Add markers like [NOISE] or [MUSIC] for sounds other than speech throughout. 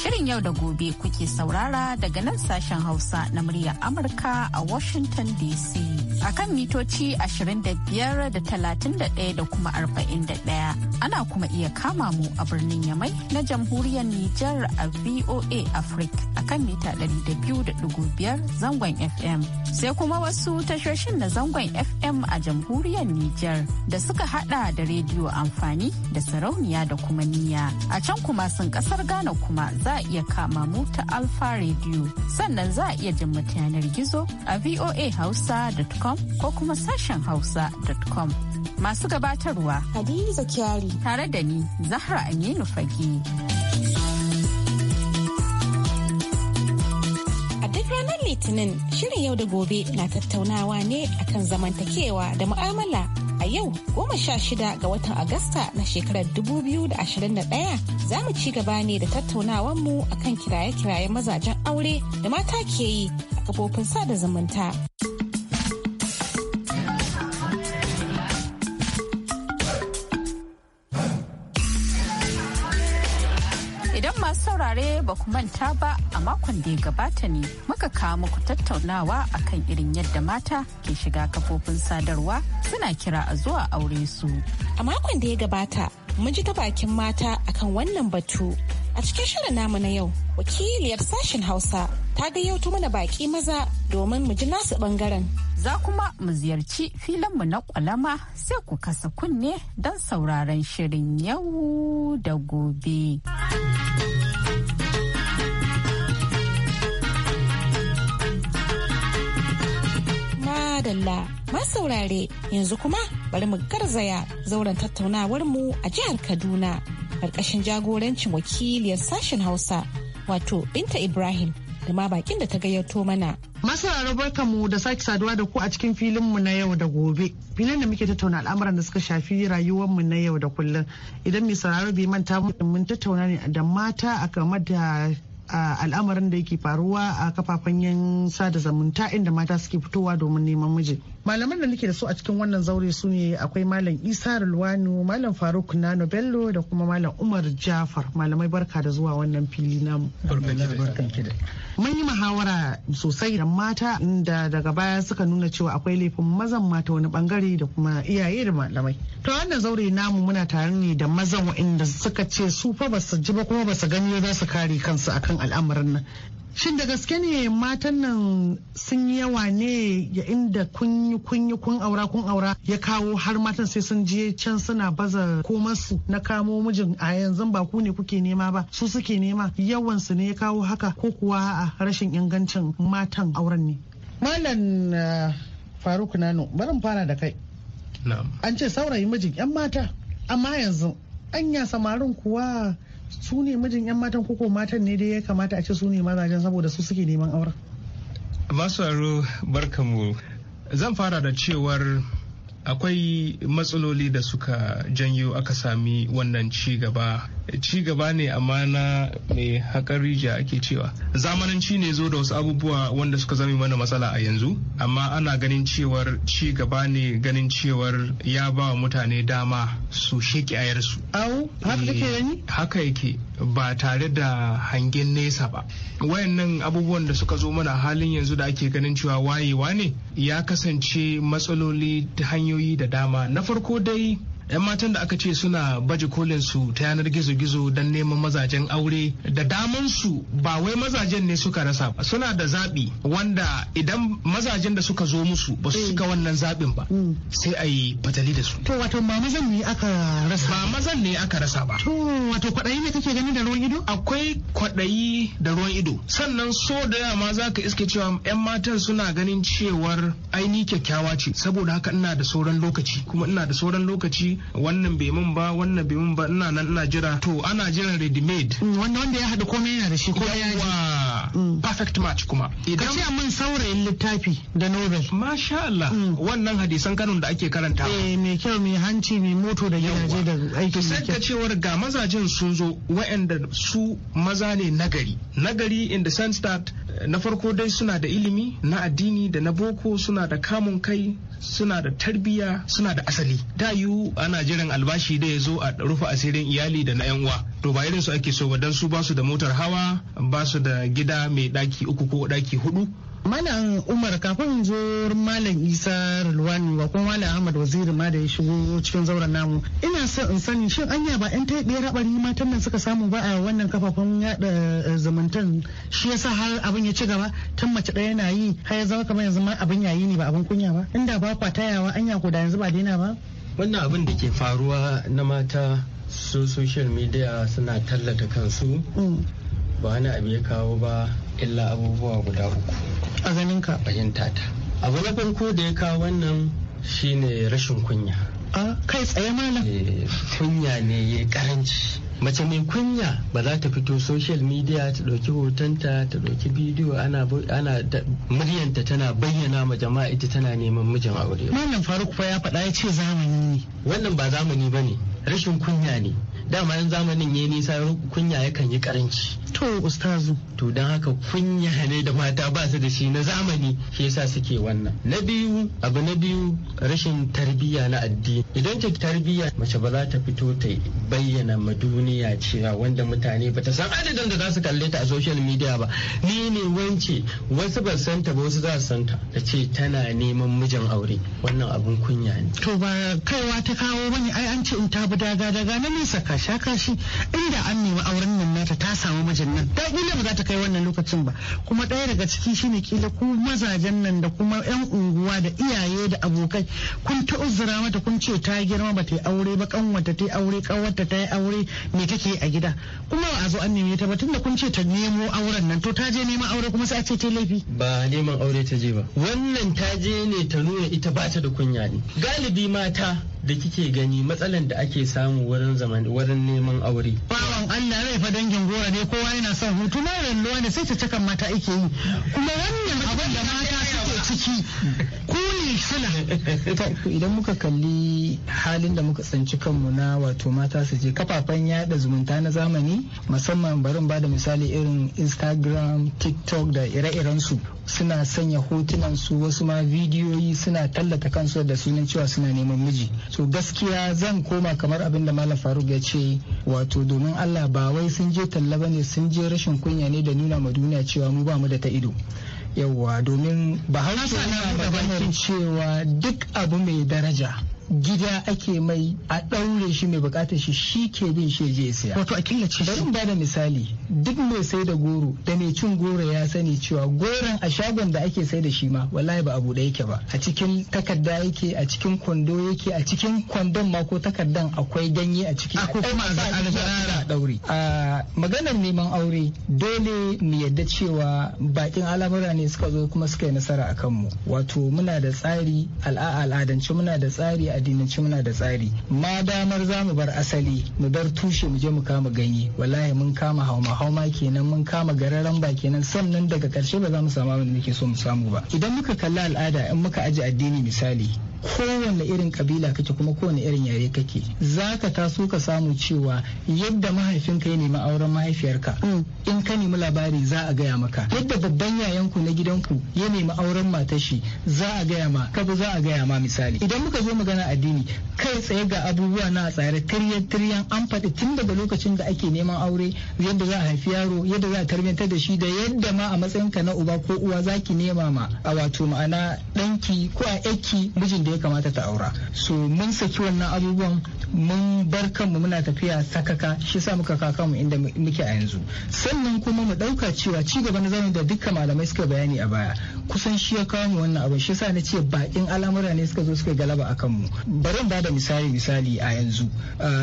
Shirin yau da gobe kuke saurara daga nan sashen Hausa na muryar Amurka a Washington DC. A kan mitoci 25 da 31 da kuma 41. Ana kuma iya kama mu a birnin Yamai na jamhuriyar Nijar a VOA Africa kan mita 200.5 zangon FM. Sai kuma wasu tashoshin na zangon FM a jamhuriyar Nijar da suka hada da rediyo amfani da sarauniya da kuma niya. A can kuma sun kasar Ghana kuma za a iya kama mu ta Alfa Radio. Sannan za a iya jin yanar gizo a voa voahausa.com ko kuma sashen hausa.com. Masu gabatarwa Hadiza Kyari tare da ni Zahra Aminu Fage. ranar Litinin shirin yau da gobe na tattaunawa ne akan zamantakewa da mu'amala a yau goma sha shida ga watan Agusta na shekarar 2021 za mu ci gaba ne da tattaunawanmu akan kiraye-kiraye mazajen aure da mata ke yi a kafofin sada zumunta. an saurare ba ku manta ba a makon da ya gabata ne muka kawo muku tattaunawa akan irin yadda mata ke shiga kafofin sadarwa suna kira a zuwa aure su. A makon da ya gabata mun ji ta bakin mata akan wannan batu. A cikin shirin namu na yau, wakiliyar sashen Hausa ta gayyato mana baki maza domin mu ji nasu bangaren. Za kuma mu ziyarci filin mu na kwalama sai ku kasa kunne don sauraron shirin yau da gobe. madalla ma saurare yanzu kuma bari mu garzaya zauren tattaunawar mu a jihar Kaduna karkashin jagorancin wakiliyar sashen Hausa wato Binta Ibrahim da ma bakin da ta gayyato mana. masarara barka mu da sake saduwa da ku a cikin filinmu na yau da gobe. Filin da muke tattauna al'amuran da suka shafi rayuwarmu na yau da kullum. Idan mai sauraro bai manta mun tattauna ne da mata a game da al'amarin da yake faruwa a kafafen sada zumunta inda mata suke fitowa domin neman miji malaman da nake da su a cikin wannan zaure su ne akwai malam isa rulwanu malam faruk nano bello da kuma malam umar jafar malamai barka da zuwa wannan fili na mun yi muhawara sosai da mata da daga baya suka nuna cewa akwai laifin mazan mata wani bangare da kuma iyaye da malamai to wannan zaure namu muna tare ne da mazan waɗanda suka ce su fa basu ji ba kuma basu gani za su kare kansu akan al'amarin nan Shin da gaske ne matan nan sun yi yawa ne ya inda kun yi kun aura kun aura ya kawo har matan sai sun je can suna baza komansu na kamo mijin a yanzu ba ku ne kuke nema ba su suke nema yawan su ne ya kawo haka ko kuwa a rashin ingancin matan auren ne. Malam uh, Faruk Nano barin fara da kai. An ce saurayi mijin 'yan mata amma yanzu anya samarin kuwa su ne mijin 'yan matan koko matan ne dai ya kamata a ce su ne mazajen saboda su suke neman auren. Masu aro barkamu zan fara da cewar akwai matsaloli da suka janyo aka sami wannan cigaba. Cigaba ci gaba ne amma na mai haƙar rija ake cewa zamananci ne zo da wasu abubuwa wanda suka zame mana matsala a yanzu amma ana ganin cewar cigaba ne ganin cewar ya ba wa mutane dama su sheki yarsu au eh, haka yake ba tare da hangen nesa ba wayannan abubuwan da suka zo mana halin yanzu da ake ganin cewa wayewa ne ya kasance matsaloli ta hanyar hanyoyi da dama na farko dai 'yan matan da aka ce suna baje kolin su ta yanar gizo-gizo don neman mazajen aure da daman su ba wai mazajen ne suka rasa ba suna da zaɓi wanda idan mazajen da suka zo musu ba su suka mm. wannan zaɓin ba mm. sai a yi fatali da su to wato ba mazan ne aka rasa ba mazan ne aka rasa ba to wato kwaɗayi ne kake gani da ruwan ido akwai kwaɗayi da ruwan ido sannan so da yama za ka iske cewa 'yan matan suna ganin cewar aini kyakkyawa ce saboda haka ina da sauran lokaci kuma ina da sauran lokaci wannan bai mun ba wannan bai mun ba ina nan ina jira to ana jiran ready made mm, wanda wanda ya haɗa komai yana da shi ko ya ji mm. perfect match kuma idan kace mun saurayin littafi da novel masha Allah mm. wannan hadisan kanun da ake karanta eh me kyau me hanci me moto da gidaje da aiki sai ka cewar ga mazajen sun zo waɗanda su maza ne nagari nagari in the sense that na farko dai suna da ilimi na addini da na boko suna da kamun kai suna da tarbiya suna da asali da yiwu ana jiran albashi da ya zo a rufe asirin iyali da na yan uwa to ba irin su ake so ba dan su ba su da motar hawa ba su da gida mai daki uku ko daki hudu Malam Umar kafin zo Malam Isa Rulwani wa kuma Malam Ahmad Waziri ma da ya shigo cikin zauren namu. Ina son in sani shin anya ba yan ɗaya rabari matan nan suka samu ba a wannan kafafen yada eh, zamantan shi yasa har abin ya ci gaba tun mace ɗaya na yi har ya zama kamar yanzu ma abin yayi ne ba abin kunya ba. Inda ba kwa tayawa anya ko da yanzu ba daina ba. Wannan abin da ke faruwa na mata su social media suna tallata kansu mm. ba wani abu ya kawo ba illa abubuwa guda uku a ganin ka fahimta ta abu na farko da ya kawo wannan shine rashin kunya a kai tsaye mana. Eh, kunya ne ya karanci mace mai kunya ba za ta fito social media ta ɗauki hotonta ta ɗauki bidiyo ana muryanta tana bayyana ma jama'a ita tana neman mijin aure malam faruk fa ya faɗa ya ce zamani ne wannan ba zamani ba ne rashin kunya ne dama yan zamanin ya nisa kunya yakan yi karanci to ustazu to don haka kunya ne da mata ba su da shi na zamani shi yasa suke wannan na biyu abu na biyu rashin tarbiyya na addini idan ta tarbiyya mace ba za ta fito ta bayyana ma duniya cewa wanda mutane ba ta san adadin da za su kalle ta a social media ba ni ne wance wasu ba san ta ba wasu za su san ta ta ce tana neman mijin aure wannan abun kunya ne to ba kaiwa ta kawo bane ai an ce in ta bi daga daga na nisa ka sha kashi inda an nemi auren nan nata ta samu mijin nan ta kila ba za ta kai wannan lokacin ba kuma ɗaya daga ciki shine kila ku mazajen nan da kuma yan unguwa da iyaye da abokai kun ta uzura mata kun ce ta girma ba ta yi aure ba kanwata ta yi aure kanwata ta yi aure me take a gida kuma ba a zo an neme ta ba tunda kun ce ta nemo auren nan to ta je neman aure kuma sai a ce ta laifi ba neman aure ta je ba wannan ta je ne ta nuna ita ba ta da kunya ne galibi mata da kike gani matsalan da ake samu wurin zaman wurin neman aure. Bawan Allah rai fa dangin gora ne kowa yana son hutu na rayuwa ne sai ta cakan mata ake yi. Kuma wannan abin da mata suke ciki. [LAUGHS] idan muka kalli halin da muka tsanci kanmu na wato mata su je kafafen yada zumunta na zamani musamman barin ba da misali irin instagram tiktok da ire-iren su suna sanya hotunan su wasu ma vidiyoyi suna tallata kansu da sunan cewa suna neman miji so gaskiya zan koma kamar abin da malam faruk ya ce wato domin allah ba wai sun je talla ne sun je rashin kunya ne da nuna ma duniya cewa mu ba mu da ta ido yauwa domin ba har cewa duk abu mai daraja gida ake mai a ɗaure shi mai bukatar shi shi ke bin shi je siya wato a ce shi. ba da misali duk mai sai da goro da mai cin goro ya sani cewa goron a shagon da ake sai da shi ma wallahi ba abu da yake ba a cikin takarda yake a cikin kwando yake a cikin kwandon ma ko takardan akwai ganye a ciki ko kuma a ɗaure a maganar neman aure dole mu yadda cewa bakin al'amura ne suka zo kuma suka yi nasara a kanmu wato muna da tsari al'adance muna da tsari a addinance muna da tsari ma damar za mu bar asali mu bar tushe mu je mu kama ganye wallahi mun kama hauma hauma kenan mun kama gararan ba kenan sannan daga karshe ba za mu samu abin da muke so mu samu ba idan muka kalli al'ada in muka aji addini misali kowane irin kabila kake kuma kowane irin yare kake za ka taso ka samu cewa yadda mahaifinka ya nemi auren mahaifiyarka mm. in ka nemi labari za a gaya maka yadda babban yayanku na gidanku ya nemi auren matashi za a gaya ma kabu za a gaya ma misali idan muka zo magana addini kai tsaye ga abubuwa na tsare tiryan tiryan an faɗi tun daga lokacin da ake neman aure yadda za a haifi yaro yadda za a tarbiyantar da shi da yadda ma a matsayinka na uba ko uwa zaki nema ma a wato ma'ana ɗanki ko a yaki mijin da da ya kamata ta aura so mun saki wannan abubuwan mun bar kanmu muna tafiya sakaka shi sa muka kaka mu inda muke a yanzu sannan kuma mu dauka cewa ci gaba na zamani da dukkan malamai suka bayani a baya kusan shi ya kawo mu wannan abu shi sa na ce bakin al'amura ne suka zo suka galaba a kanmu bari ba da misali misali a yanzu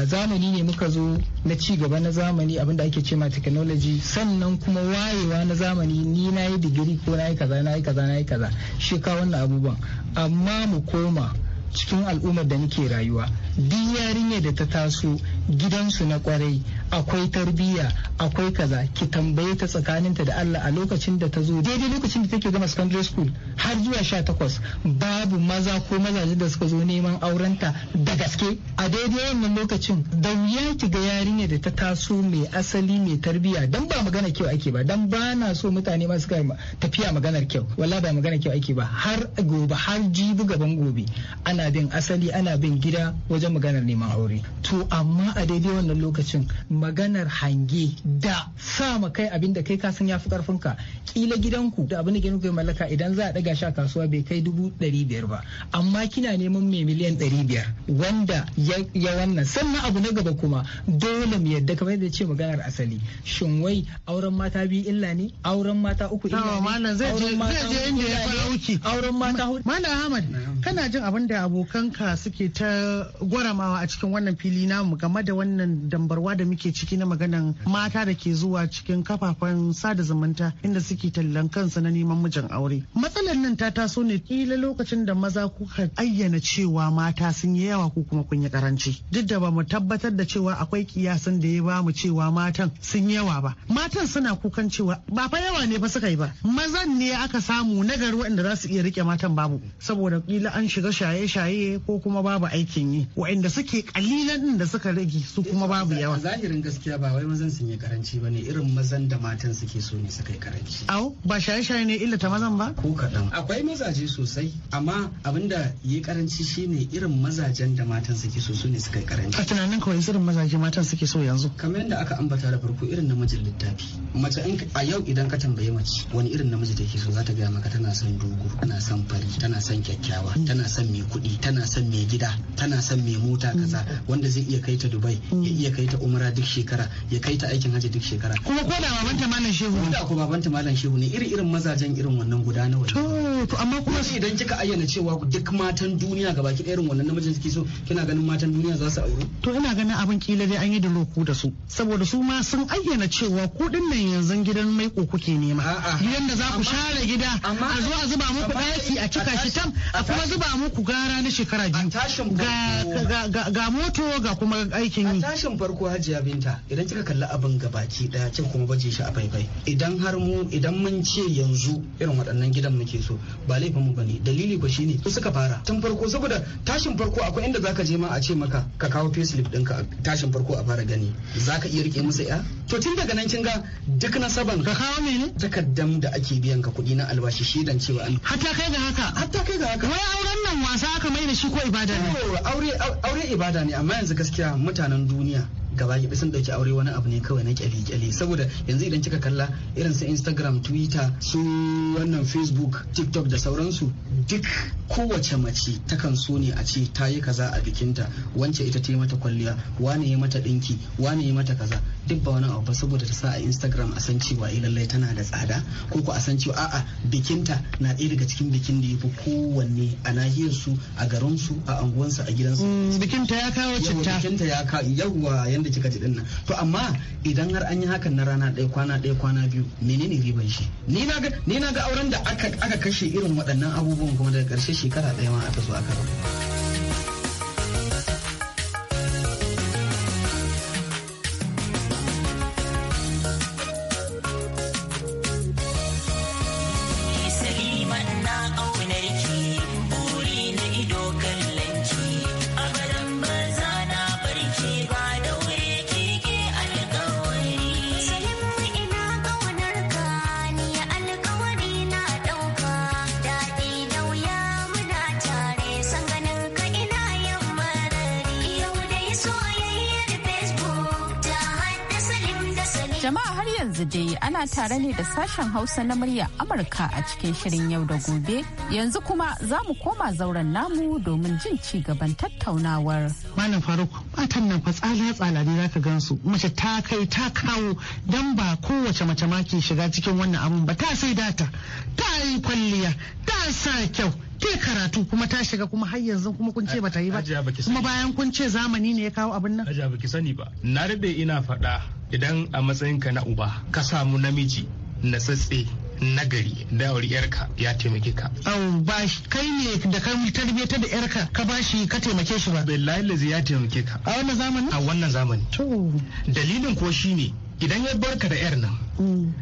zamani ne muka zo na ci gaba na zamani abinda ake ce ma technology sannan kuma wayewa na zamani ni na yi digiri ko na yi kaza na yi kaza na yi kaza shi kawo wannan abubuwan amma mu koma cikin al'ummar da nake rayuwa duk yarinya da ta taso gidansu na kwarai akwai tarbiyya akwai kaza ki tambaye ta tsakaninta da Allah a lokacin da ta zo daidai lokacin da take gama secondary school har zuwa sha takwas babu maza ko mazaje da suka zo neman aurenta da gaske a daidai wannan lokacin da wuya ki ga yarinya da ta taso mai asali mai tarbiyya dan ba magana kyau ake ba dan ba na so mutane ma suka tafiya maganar kyau wallahi ba magana kyau ake ba har gobe har jibi gaban gobe ana bin asali ana bin gida wajen wajen maganar neman aure to amma a daidai wannan lokacin maganar hange da sa ma kai abin da kai kasan yafi karfin ka kila gidanku da abin da gidan ku mallaka idan za a daga sha kasuwa bai kai dubu ɗari biyar ba amma kina neman mai miliyan ɗari biyar wanda ya wannan sannan abu na gaba kuma dole mu yadda kamar yadda ce maganar asali shin wai auren mata biyu illa ne auren mata uku illa ne auren mata auren mata hudu malam ahmad kana jin abin da abokanka suke ta gwaramawa a cikin wannan fili namu game da wannan dambarwa da muke ciki na maganan mata da ke zuwa cikin kafafen sada zumunta inda suke tallan kansu na neman mijin aure. Matsalar nan ta taso ne kila lokacin da maza kuka ayyana cewa mata sun yi yawa ko kuma kun yi karanci. Duk da ba mu tabbatar da cewa akwai kiyasin da ya ba mu cewa matan sun yi yawa ba. Matan suna kukan cewa ba fa yawa ne ba suka yi ba. Mazan ne aka samu nagari waɗanda za su iya rike matan babu saboda kila an shiga shaye-shaye ko kuma babu aikin yi. waɗanda suke kalilan din da suka rage su kuma eh, babu yawa zahirin gaskiya ba wai mazan sun yi karanci ba ne irin mazan da matan suke so ne suka yi karanci au ba shaye-shaye ne illa ta mazan ba ko kaɗan akwai mazaje sosai amma abinda yi karanci shine irin mazajen da matan suke so su ne suka yi karanci a tunanin kawai irin mazaje matan suke so yanzu kamar yadda aka ambata da farko irin namijin littafi mace a yau idan ka tambaye mace wani irin namiji take so za ta gaya maka tana son dogo tana son fari tana son kyakkyawa tana son mai kuɗi tana son mai gida tana son mai mota kaza mm. wanda zai iya kai ta dubai ya mm. iya kai ta umra duk shekara ya kai ta aikin hajji duk shekara kuma ko da babanta malam shehu ne ko babanta malam shehu ne iri irin mazajen irin wannan guda nawa to amma kuma idan kika ayyana cewa duk matan duniya gabaki ɗaya irin wannan namijin suke so kina ganin matan duniya za su aure to ina ganin abin kila dai an yi da roku da su saboda su ma sun ayyana cewa kuɗin nan yanzu gidan mai kuke nema gidan da za ku share gida a zo a zuba muku ɗaki a cika shi tam a kuma zuba muku gara na shekara biyu ga ga moto ga kuma aikin yi. A tashin farko hajiya binta idan kika kalli abin gabaki daya kika kuma baje shi a faifai idan har mu idan mun ce yanzu irin waɗannan gidan muke so ba laifin mu bane dalili ko shine su suka fara tun farko saboda tashin farko akwai inda zaka je ma a ce maka ka kawo payslip ɗinka tashin farko a fara gani zaka iya rike musu ya to tun daga nan kin ga duk nasaban ka kawo mene takaddam da ake biyan ka kuɗi na albashi shedan cewa an hatta kai ga haka hatta kai ga haka wai auren nan wasa aka mai da shi ko ibada ne aure aure ibada ne amma yanzu gaskiya mutanen duniya gaba ki sun dauki aure wani abu ne kawai na kyale kyale saboda yanzu idan kika kalla irin su Instagram Twitter su wannan Facebook TikTok da sauransu duk kowace mace takan so ne a ce ta yi kaza a bikinta wance ita ta yi mata kwalliya wane ya mata dinki wane ya mata kaza duk ba wani abu ba saboda ta sa a Instagram a san cewa eh, lallai tana da tsada ko ko a san cewa a'a bikinta na ɗaya daga cikin bikin da yafi kowanne a nahiyar su a garin su a anguwansu a gidansu mm, bikinta ya kawo citta bikinta ya kawo yawwa da kika ji dinnan to amma idan har an yi hakan na rana ɗaya kwana ɗaya kwana biyu menene riban shi ni na ga ni na ga auren da aka aka kashe irin waɗannan abubuwan kuma daga ƙarshe shekara ɗaya ma aka zo aka rubuta Jama'a har yanzu dai ana tare ne da sashen Hausa na murya Amurka a cikin shirin yau da gobe. Yanzu kuma za mu koma zauren namu domin jin ci gaban tattaunawar. Malam Faruk, matan nan fa tsala-tsala ne zaka gansu. Mace ta kai ta kawo dan ba kowace mace ma ke shiga cikin wannan abun ba ta sai data, ta yi kwalliya, ta sa kyau. ke karatu kuma ta shiga kuma har yanzu kuma kun ce bata yi ba kuma bayan kun ce zamani ne ya kawo abin nan aja baki sani ba na rabe ina faɗa idan a matsayinka na uba ka samu namiji na tsatse nagari dawar yarka ya taimake ka. Au ba kai ne da ka tarbiyyata da yarka ka ba shi ka taimake shi ba. Billahi lazi ya taimake ka. A wannan zamani? A wannan zamani. To. Dalilin ko shine idan ya ka da 'yar nan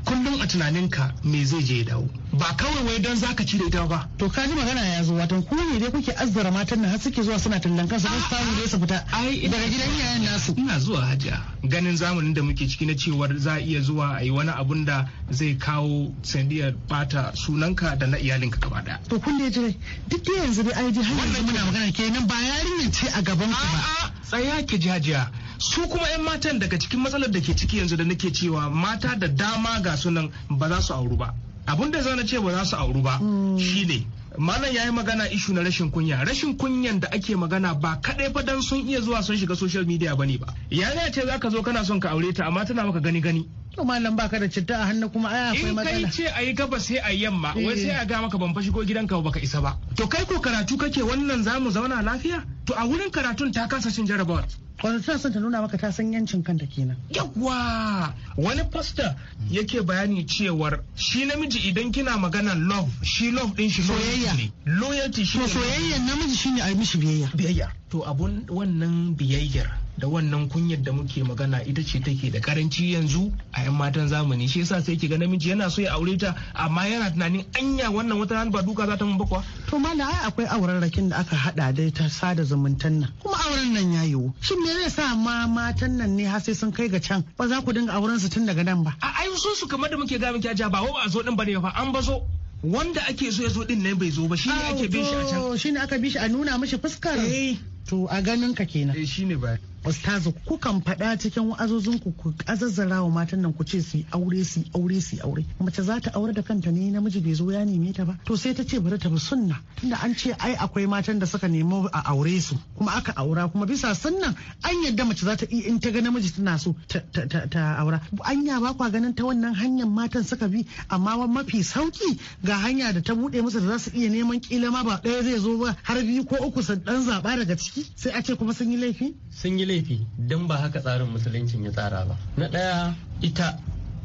kullum a tunaninka me zai je dawo ba kawai wai don zaka cire ta ba to ka ji magana ya zo watan ku ne dai kuke azzara matan nan har suke zuwa suna tallan kansu don samu dai su fita daga gidan iyayen nasu ina zuwa hajiya ganin zamanin da muke ciki na cewar za a iya zuwa a yi wani abun da zai kawo sandiyar bata sunanka da na iyalinka gaba daya to kun da jira duk da yanzu dai ai ji har muna magana kenan ba yarinyar ce a gaban ku ba tsaya ki jajiya su kuma 'yan matan daga cikin matsalar da ke ciki yanzu da nake cewa mata da dama ga sunan ba za su auru ba abin da zana ce ba za su auru ba hmm. shi ne. malam ya yi magana ishu na rashin kunya rashin kunyan da ake magana ba kadai fa dan sun iya zuwa sun shiga social media bane ba yarinya ce za ka zo kana son ka aure ta amma tana maka gani gani to malam baka da citta a hannu kuma ai akwai magana. in kai ce ayi gaba sai a yamma wai eh. sai a ga maka ban fa shigo gidanka baka isa ba to kai ko karatu kake wannan zamu zauna lafiya to a wurin karatun ta kasa cin jarabawar wanda tana son ta nuna maka ta san yancin kanta kenan yawa wani pastor yake bayani cewar shi namiji idan kina magana love shi love din shi soyayya ne loyalty shi soyayya namiji shine ai mishi biyayya biyayya to abun wannan biyayyar da wannan kunyar da muke magana ita ce take da karanci yanzu a 'yan matan zamani shi yasa sai ki ga namiji yana so ya aure ta amma yana tunanin anya wannan wata ba duka za ta mun bakwa to mala ai akwai auren rakin da aka hada da ta sada zumuntan nan kuma auren nan ya yiwu shin me zai sa ma matan nan ne har sai sun kai ga can ba za ku dinga auren su tun daga nan ba a ai su su kamar da muke ga miki ja ba ba a zo din bane fa an ba zo wanda ake so ya zo din nan bai zo ba shine ake bin shi a can shi ne aka bi shi a nuna mishi fuskar eh. to a ganin ka kenan eh shine ba ustazu kukan faɗa cikin wa'azozin ku ku azazzara wa matan nan ku ce su aure su aure su aure mace za ta aure da kanta ne namiji bai zo ya neme ta ba to sai ta ce bari ta bi sunna tunda an ce ai akwai matan da suka nemo a aure su kuma aka aura kuma bisa sunnan an yadda mace za ta iya in ta ga namiji tana so ta aura anya ba kwa ganin ta wannan hanyar matan suka bi amma mafi sauki ga hanya da ta bude musu da za su iya neman kila ma ba ɗaya zai zo ba har biyu ko uku su dan zaba daga ciki sai a ce kuma sun yi laifi sun yi laifi don ba haka tsarin musuluncin ya tsara ba na ɗaya ita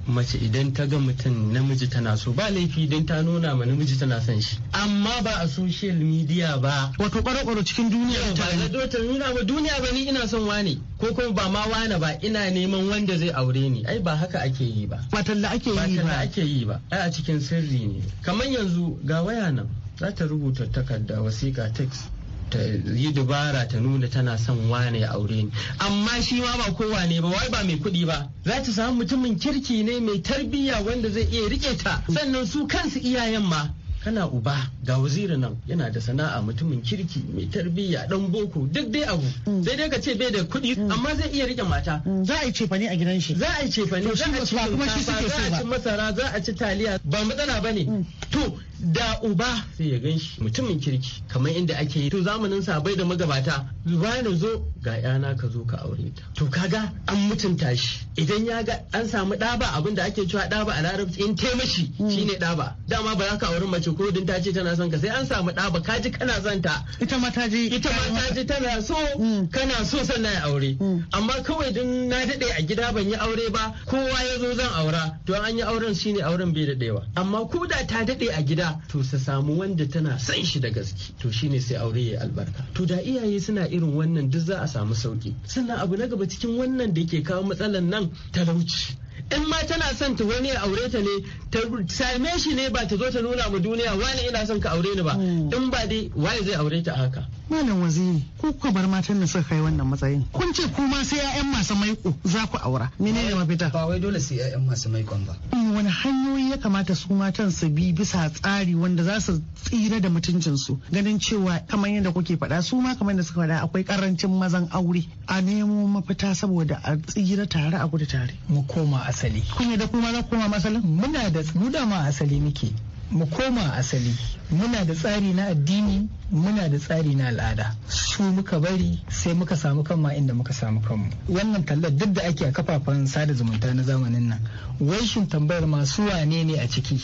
mace idan ta ga mutum namiji tana so ba laifi idan ta nuna ma namiji tana son shi amma ba a social media ba wato kwaro cikin duniya ba na ta nuna ba duniya ba ni ina son wane ko kuma ba ma wane ba ina neman wanda zai aure ni ai ba haka ake yi ba ba talla ake yi ba ake yi ba ai a cikin sirri ne kamar yanzu ga waya nan za ta rubuta takarda wasiƙa text ta yi dubara ta nuna tana son wane ya aure ni amma shi ma ba kowa ne ba wai ba mai kuɗi ba za ta samu mutumin kirki ne mai tarbiyya wanda zai iya rike ta sannan su kansu iyayen ma kana uba ga waziri nan yana da sana'a mutumin kirki mai tarbiyya dan boko duk dai abu mm. sai dai ka ce bai da kuɗi mm. amma zai iya rike mata mm. za a yi cefane a gidan shi za a yi cefane za a ci masara za a ci taliya ba matsala bane to da uba sai ya gan shi mutumin kirki kamar inda ake yi to zamanin sa bai da magabata bayan zo ga yana ka zo ka aure ta to kaga an mutunta shi idan ya ga an samu ɗaba abin da ake cewa ɗaba a larabci in taimashi hmm. shine ɗaba dama ba za ka aure mace ko din ta ce tana son ka sai an samu ɗaba ka ji kana son ta ita ma ta ji ita ma ta ji tana so hmm. kana so sannan ya aure hmm. amma kawai din na daɗe a gida ban yi aure ba kowa ya zo zan aura to an yi auren shine auren bai daɗewa amma ko da ta daɗe a gida to sa samu wanda tana san shi da gaske to shine sai aure ya albarka to da iyaye suna irin wannan duk za a samu sauki sannan abu na gaba cikin wannan da ke kawo matsalan nan talauci in ma tana son ta wani ya aure ta ne ta same shi ne ba ta zo ta nuna ma duniya wani ina son ka aure ni ba hmm. in ba dai wani zai aure ta haka malam waziri ko kuka bar matan da suka kai wannan matsayin kun ce kuma sai ƴaƴan masu maiko za ku aura ne mafita ba wai dole sai ƴaƴan masu maiko ba hmm, wani hanyoyi ya kamata su matan su bi bisa tsari wanda za su tsira da mutuncin su ganin cewa kamar yadda kuke faɗa su ma kamar da suka faɗa akwai karancin mazan aure a nemo mafita saboda a tsira tare a gudu tare mu koma a asali kun da kuma za koma masalin muna da mu da ma asali muke mu koma asali muna da tsari na addini muna da tsari na al'ada su muka bari sai muka samu kan ma inda muka samu kanmu wannan tallar duk da ake a kafafen sada zumunta na zamanin nan wanshin shin tambayar masu wane ne a ciki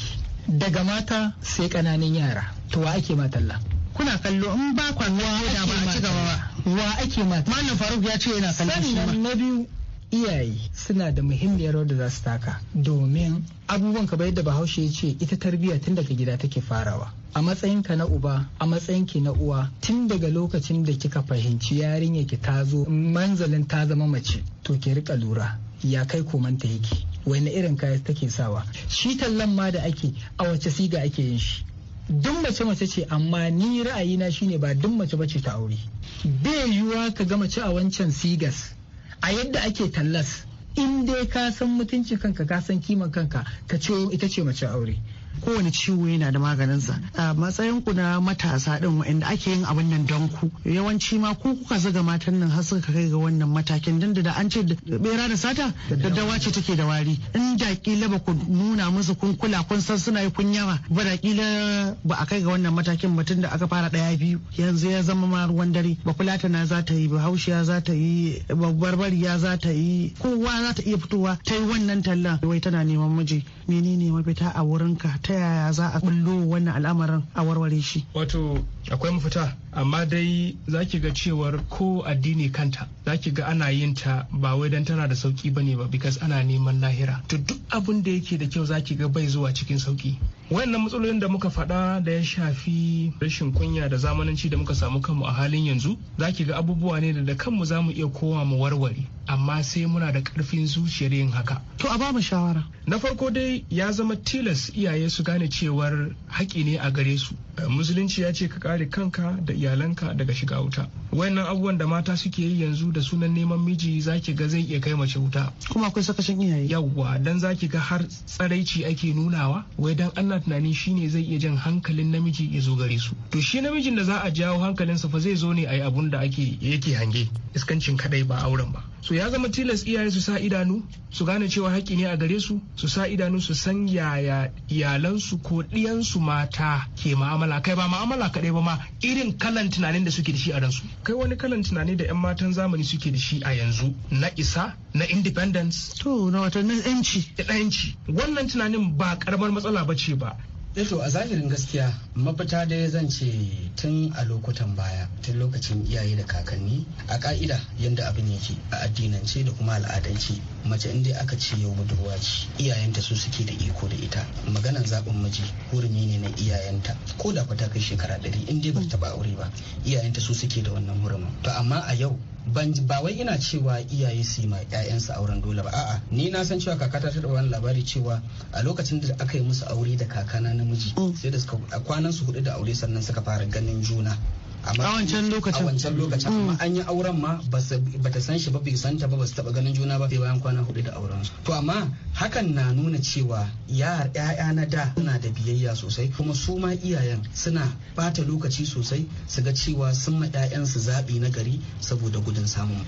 daga mata sai kananan yara to wa ake ma talla kuna kallo in ba kwanwa wa da ba a ci gaba ba wa ake ma malam faruk ya ce yana kallon shi na biyu iyaye suna da muhimmiyar rawar da za su taka domin abubuwan ka da bahaushe ya ce ita tarbiyya tun daga gida take farawa a matsayinka na uba a matsayin ki na uwa tun daga lokacin da kika fahimci yarinya ki ta zo manzalin ta zama mace to ki rika lura ya kai komanta yake wani irin kaya take sawa shi tallan ma da ake a wace siga ake yin shi duk mace mace ce amma ni ra'ayina shine ba duk mace bace ta aure bai yiwuwa ka ga mace a wancan sigas a yadda ake tallas in dai ka san mutuncin kanka ka san kiman kanka ka ce ita ce mace aure kowane ciwo yana da maganinsa a matsayin ku na matasa din wa'anda ake yin abin nan don ku yawanci ma ku kuka zaga matan nan har suka kai ga wannan matakin dan da an ce bera da sata daddawa ce take da wari in da kila ba ku nuna musu kun kula kun san suna yi kun yawa ba da kila ba a kai ga wannan matakin mutum da aka fara daya biyu yanzu ya zama ma ruwan dare ba kula ta na za ta yi ba haushiya za ta yi babbar za ta yi kowa za ta iya fitowa ta yi wannan tallan wai tana neman miji menene mafita a wurinka ta yaya za a bullo wannan al'amarin a warware shi wato akwai mafita amma dai za ki ga cewar ko addini kanta za ki ga ana yin ta ba wai dan tana da sauki bane ba because ana neman lahira to duk abin da yake da kyau za ki ga bai zuwa cikin sauki wayannan matsalolin da muka faɗa da ya shafi rashin kunya da zamananci da muka samu kanmu a halin yanzu za ki ga abubuwa ne da da kanmu za mu iya kowa mu warware amma sai muna da karfin zuciyar yin haka to a bamu shawara na farko dai ya zama tilas iyaye su gane cewar haƙi ne a gare su eh, musulunci ya ce ka kare kanka da iyalanka daga shiga wuta wayannan abubuwan da mata suke yi yanzu da sunan neman miji za ki ga zai iya kai mace wuta kuma akwai sakashin iyaye yawwa dan ki ga har tsaraici ake nunawa wai dan Allah tunanin shi ne zai iya jan hankalin namiji ya zo gare su to shi namijin da za a jawo hankalinsa fa zai zo ne a yi abun da ake yake hange iskancin kadai ba auren ba ya zama tilas iyaye su sa idanu su gane cewa haƙƙi ne a gare su su sa idanu su san yaya iyalansu ko ɗiyansu mata ke ma'amala kai ba ma'amala kaɗai ba ma irin kalan tunanin da suke da shi a ransu kai wani kalan tunani da 'yan matan zamani suke da shi a yanzu na isa na independence to na wata yanci wannan tunanin ba karamar matsala ba ce ba Eh, to a zahirin gaskiya mafita da ya zance tun a lokutan baya tun lokacin iyaye da kakanni a ka'ida yadda abin yake a addinance da kuma al'adance mace inda aka ce yau budurwa ce iyayenta su suke da iko da ita maganan zaɓin miji hurumi ne na iyayenta ko da ta kai shekara ɗari in dai ba ta ba aure ba iyayenta su suke da wannan hurumin to amma a yau ban ba wai ina cewa iyaye su yi ma ƴaƴansu auren dole ba a'a ni na san cewa kaka ta da wani labari cewa a lokacin da aka yi musu aure da kakana namiji mm. sai da suka kwanan su hudu da aure sannan suka fara ganin juna a wancan lokacin a wancan lokacin amma mm. an yi auren ma ba ta san shi ba bai san ta ba ba su taba ganin juna ba bai bayan kwana hudu da auren su to amma hakan na nuna cewa yar ƴaƴa na da suna da biyayya sosai kuma su ma iyayen suna bata lokaci sosai su ga cewa sun ma su zaɓi na gari saboda gudun samun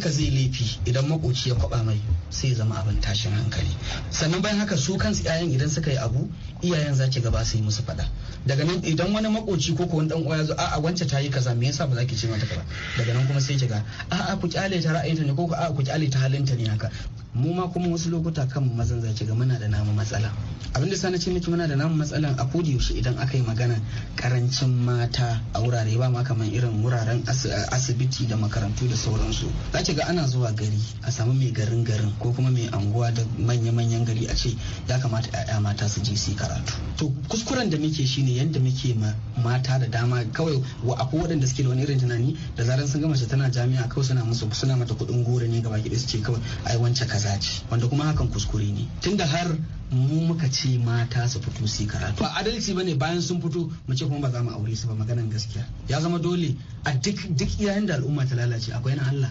ka zai laifi idan makoci ya kwaba mai sai zama abin tashin hankali sannan bayan haka su kansu ƴaƴan idan suka yi abu iyayen za ki gaba su yi musu faɗa daga nan idan wani makoci ko ko wani dan uwa ya zo a'a wance ta yi kaza me yasa ba za ki ce mata ba daga nan kuma sai ki ga a'a ku kyale ta ra'ayinta ne ko a'a ku kyale ta halinta ne haka mu ma kuma wasu lokuta kan mazan za ga muna da namu matsala abin da sana ce miki muna da namu matsalan a kodi yaushe idan aka yi magana karancin mata a wurare ba ma kamar irin wuraren asibiti da makarantu da sauransu za ga ana zuwa gari a samu mai garin garin ko kuma mai anguwa da manya-manyan gari a ce ya kamata 'ya'ya mata su je su karatu to kuskuren da muke shine yadda muke ma mata da dama kawai wa akwai waɗanda suke da wani irin tunani da zaran sun gama shi tana jami'a kawai suna musu suna mata kuɗin goro ne gaba ki ce kawai ai wancan maza wanda kuma hakan kuskure ne tunda har mu muka ce mata su fito su karatu ba adalci bane bayan sun fito mu ce kuma ba za mu aure su ba maganan gaskiya ya zama dole a duk duk iyayen da al'umma ta lalace akwai na Allah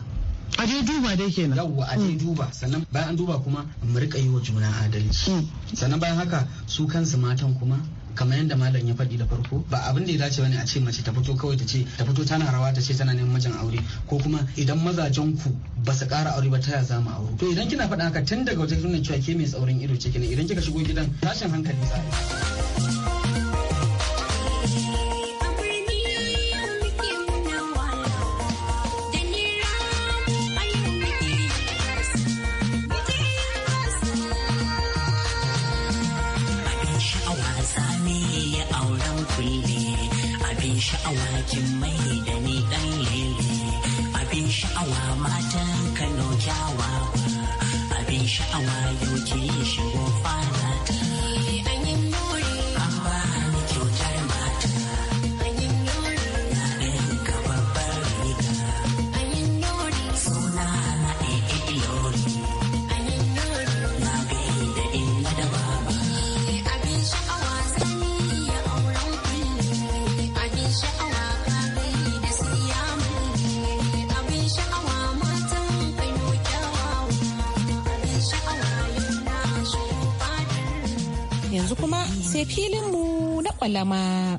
a dai duba dai kenan yawwa a dai hmm. duba sannan bayan an duba kuma mu rika yi wa juna adalci hmm. sannan bayan haka su kansu matan kuma kamar yadda malam ya faɗi da farko ba abin da ya dace bane a ce mace ta fito kawai ta ce ta fito tana rawa ta ce tana neman mijin aure ko kuma idan mazajen ku ba su ƙara aure ba ta zamu mu aure to idan kina faɗa haka tun daga wajen nuna cewa ke mai tsaurin ido ce kina idan kika shigo gidan tashin hankali za a yi sha'awa kin mai da ni dan lele abin sha'awa matan Kano kyawawa abin sha'awa yau ke shigo fara ta je filinmu na kwalama.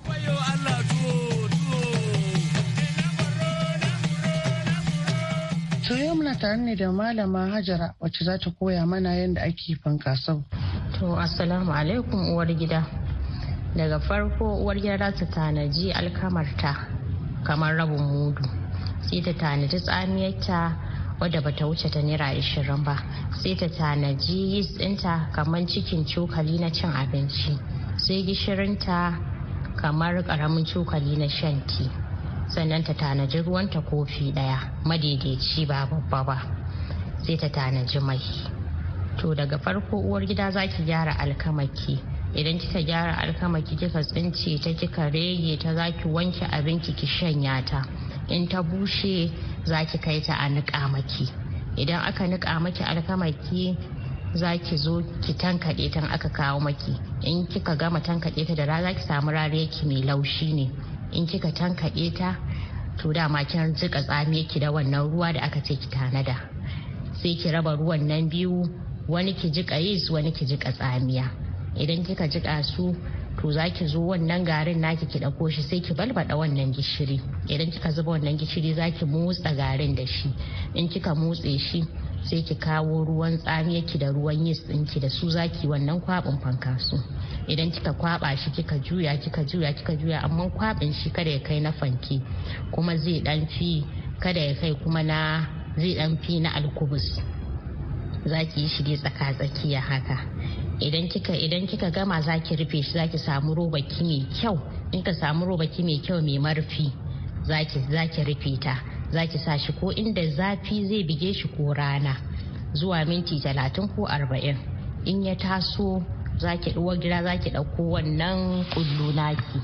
To yau muna tare ne da malama Hajara wacce za ta koya mana yadda ake fankasau. To assalamu alaikum uwar gida. Daga farko uwar gida za ta tanaji alkamarta kamar rabin mudu. Sai ta tanaji tsamiyarta wadda bata wuce ta naira ashirin ba. Sai ta tanaji yis ɗinta kamar cikin cokali na cin abinci. sai gishirinta kamar karamin cokali na shan sannan ta tanaji ruwanta kofi daya madaidaici ba babba ba sai ta tanaji mai to daga farko uwar gida za ki gyara alkamaki idan kika gyara alkamaki kika tsince ta kika rege ta za ki wanke abinki ki shanya ta in ta bushe za ki kai ta a niƙa maki idan aka niƙa maki alkamaki za ki zo ki tankaɗe ta aka kawo maki in kika gama tankaɗe ta da rana ki samu rariya ki mai laushi ne in kika tankaɗe ta to dama kin jika tsame ki da wannan ruwa da aka ce ki tanada sai ki raba ruwan nan biyu wani ki jika yis wani ki jika tsamiya idan kika jika su to za ki zo wannan garin naki ki ɗauko shi sai ki balbaɗa wannan gishiri idan kika zuba wannan gishiri za ki motsa garin da shi in kika motse shi sai ki kawo ruwan tsamiyarki da ruwan yeast ɗinki da su zaki wannan kwabin fankaso idan kika kwaɓa shi kika juya kika juya kika juya amma kwaɓin shi kada ya kai na fanke kuma zai ɗan fi kada ya kai kuma na zai ɗan fi na alkubus zaki yi shi tsaka tsakiya haka idan kika idan kika gama zaki rufe shi zaki samu robaki mai kyau in ka samu robaki mai kyau mai marfi zaki zaki rufe ta za ki sa shi ko inda zafi zai bige shi ko rana zuwa minti talatin ko arba'in in ya taso za ki ɗuwa gira za ki ɗauko wannan ƙullu naki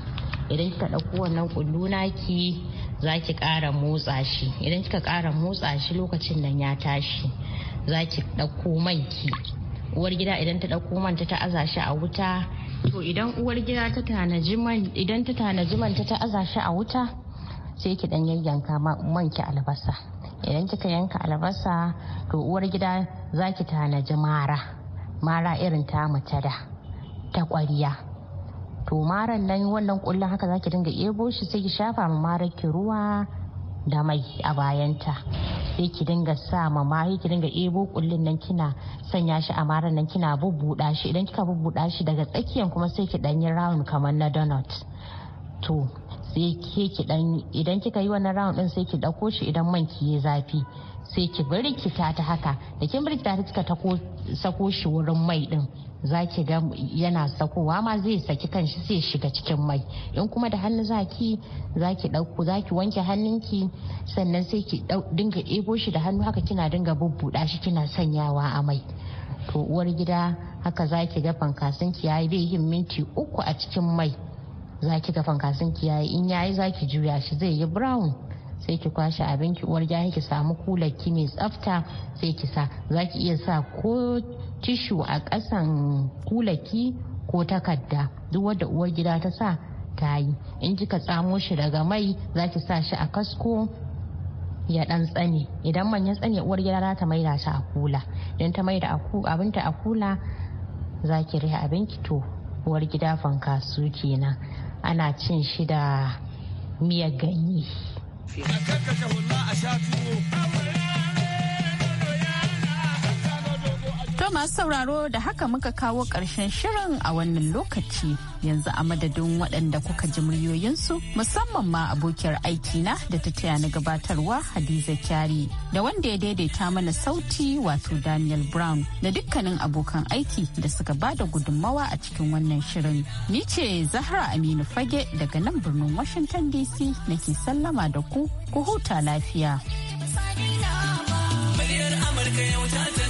idan kika ɗauko wannan ƙullu naki za ki ƙara motsa shi idan kika ƙara motsa shi lokacin nan ya tashi za ki ɗauko manki uwar gida idan ta ɗauko manta ta aza shi a wuta to idan uwar gida ta tanaji man idan ta tanaji man ta aza shi a wuta sai ki dan yayyanka man ki albasa idan kika yanka albasa to uwar gida za ki tanaji mara mara irin ta mace da ta ƙwariya to maran nan wannan kullun haka za ki dinga ebo shi sai ki shafa ma marar ki ruwa da mai a bayanta sai ki dinga sa ma mahi ki dinga ebo kullun nan kina sanya shi a marar nan kina bubbuda shi idan kika bubbuda shi daga tsakiyan kuma sai ki yi round kamar na donut to sai ke ki dan idan kika yi wannan round din sai ki dauko shi idan man ki yi zafi sai ki ki ta haka da kin bari ta kika sako shi wurin mai din za ga yana sakowa ma zai saki kanshi sai shiga cikin mai in kuma da hannu za ki za ki za ki wanke hannunki sannan sai ki dinga ebo shi da hannu haka kina dinga bubbuɗa shi kina sanyawa a mai to uwar gida haka za ki ga fankasinki yayi bai yin minti uku a cikin mai zaki ki ga fankasin ki yayi in yayi zaki juya shi zai yi brown sai ki kwashe abin ki uwar ki samu kular ki mai tsafta sai ki sa zaki iya sa ko tishu a ƙasan kulaki ko takarda duk wadda uwar gida ta sa ta yi in kika tsamo shi daga mai zaki sa shi a kasko ya dan tsane idan manyan tsane uwar gida za ta maida shi a kula idan ta maida abinta a kula zaki ki abinki to uwar gida fankasu kenan ana cin shi da miyar ganye. masu sauraro da haka muka kawo ƙarshen shirin a wannan lokaci yanzu a madadin waɗanda kuka ji muryoyinsu musamman ma abokiyar aikina da ta taya na gabatarwa Hadiza Kyari da wanda ya daidaita mana sauti wato Daniel Brown da dukkanin abokan aiki da suka ba da gudunmawa a cikin wannan shirin. Ni ce Zahra Aminu Fage daga nan birnin Washington DC nake sallama da ku ku huta lafiya. Amurka